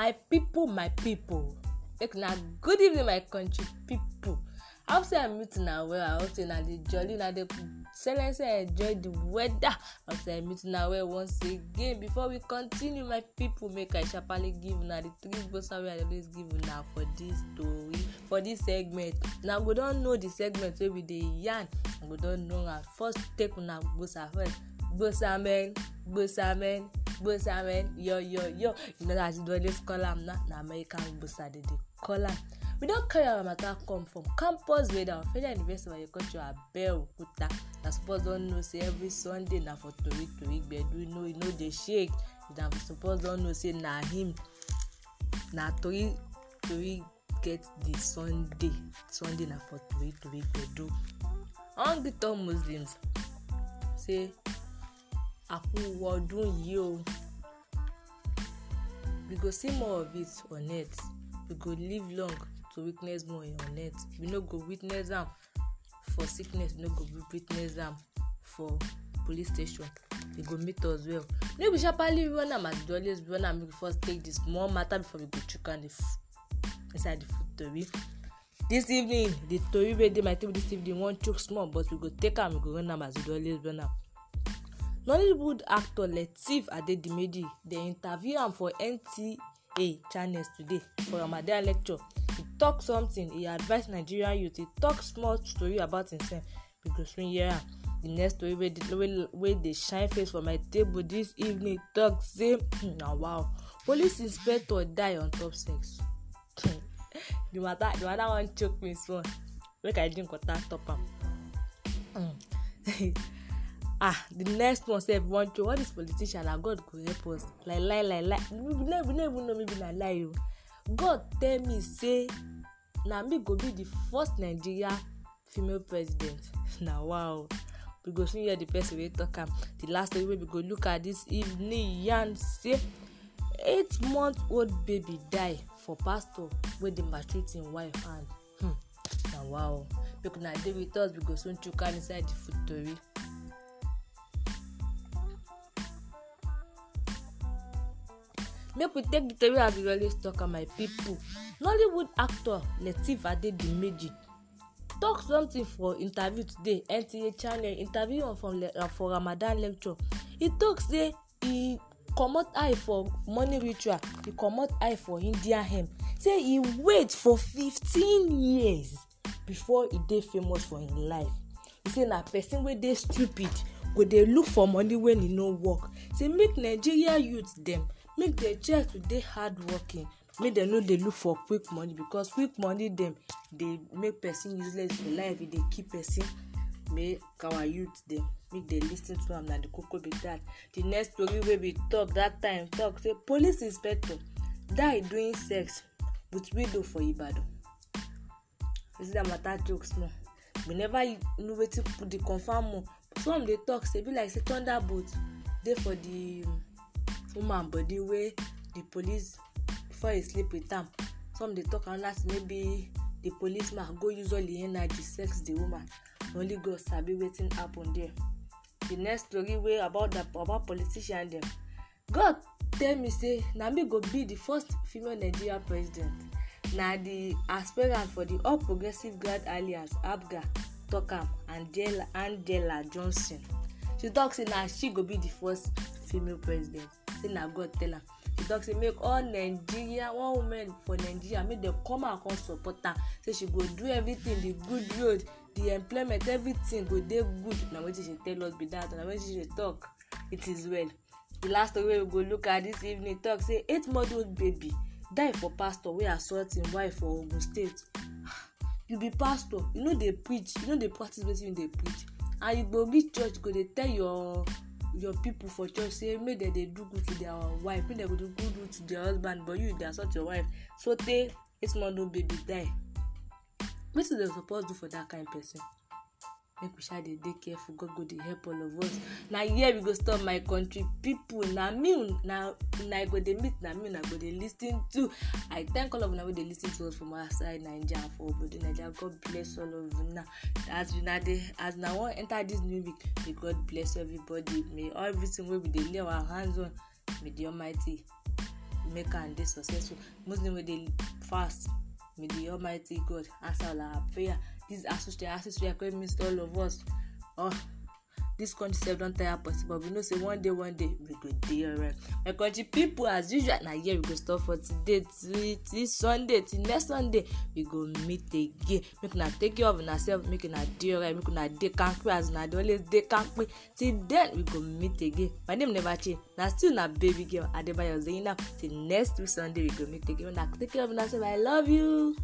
my pipo my pipo make una good evening my country pipo i hope say i meet una well i hope say una dey jolly una dey silence and enjoy the weather i hope say i meet una well once again before we continue my pipo make i sharparly give una the three gbosa wey i dey always give una for this story for this segment una go don know the segment wey we dey yarn una go don know am first take una gbosa first gbosa men gbosa men gbosa man yo yo yo you know as they always call am na na american gbosa dey dey call am we don carry our matter come from campus wey our federal university of agriculture abeokuta na suppose don know say every sunday na for tori tori gbedu no e no dey shake una suppose don know say na him na tori tori get di sunday sunday na for tori tori gbedu hungry tall muslims say àkúwọ ọdún yìí o we go see more of it on earth we go live long to witness more on earth we no go witness am for sickness we no go witness am for police station We go meet us well no be sharparly run am as we always run am make we first take the small matter before we go chook am inside the food tori this evening the tori wey dey my table this evening wan chook small but we go take am we go run am as we always run am nollywood actor lateef adedimeji dey interview am for nta channels today for ramadan lecture he talk something he advise nigerian youth he talk small story about himself we go soon hear am the next story wey dey wey, wey dey shine face for my table this evening talk say na wow police inspector die on top sex the matter the matter wan choke me small make i drink water top am. Mm. ah the next one sef we wan throw all these politician? na god go help us like lie lie, lie we no we no even know maybe na lie o oh. god tell me say na me go be the first nigeria female president na wow we go soon hear the person wey talk am the last story wey we go look at this evening yarn say eight month old baby die for pastor wey dey maltreat im wife hand hmm, na wow make una dey with us we go soon chook hand inside the food tori. make we take the tori abirele talk and my people nollywood actor lateef adedimeji talk something for interview today nta channel interview am from uh, for ramadan lecture e talk say e comot eye for morning ritual e comot eye for indian hem say e wait for fifteen years before e dey famous for im life e say na person wey dey stupid go dey look for money wey e no work say make nigeria youth dem make dem try to dey hardworking make dem no dey look for quick money because quick money dem dey make person useless for life e dey kill person make our youth dem make dem lis ten to am na the koko be that the next tori wey we talk that time talk say police inspector die during sex with widow for ibadan you see that matter joke small we never know wetin the confam more some dey talk say e be like say thunderbolt dey for the woman body wey the police before he sleep with am some dey talk another thing maybe the policeman go use all e energy sex the woman na only god sabi wetin happen there the next story wey about that about politician dem god tell me say na me go be the first female nigeria president na the aspirant for the all progressive grand alliance abga talk am angela angela johnson she talk say na she go be the first female president say na god tell am she talk say make all nigeria one woman for nigeria make dem come out come support her say she go do everything the good road the employment everything go dey good na wetin she tell us be that na wetin she talk it is well the last story wey we go look at this evening talk say eight month old baby die for pastor wey assault im wife for ogun state you be pastor you no dey preach you no dey practice wetin you dey preach and you go reach church go dey tell your your people for church say make dem dey do good to their wife make dem go do good to their husband but you dey assault your wife So sotey eight month old baby die wetin dem suppose do for that kind person make we sha dey dey careful god go dey help all of us na here we go stop my country people na me na una go dey meet na me una go dey lis ten to i thank all of una wey dey lis ten to us from outside naija and for obodo naija god bless all of una as una dey as una wan enter this new week may god bless everybody may everything wey we dey lay our hands on may the almighty make am dey successful muslim wey dey fast may the almighty god answer all our prayer this We are going to miss all of us oh this country sef don tire person but we know say one day one day we go dey alright my country pipo as usual na here we go stop for today till till sunday till next sunday we go meet again make una take care of una sef make una dey alright make una dey kampe as una dey always dey kampe till then we go meet again my name never change na still na baby girl adebayo zeyina till next sunday we go meet again una take care of una sef i love you.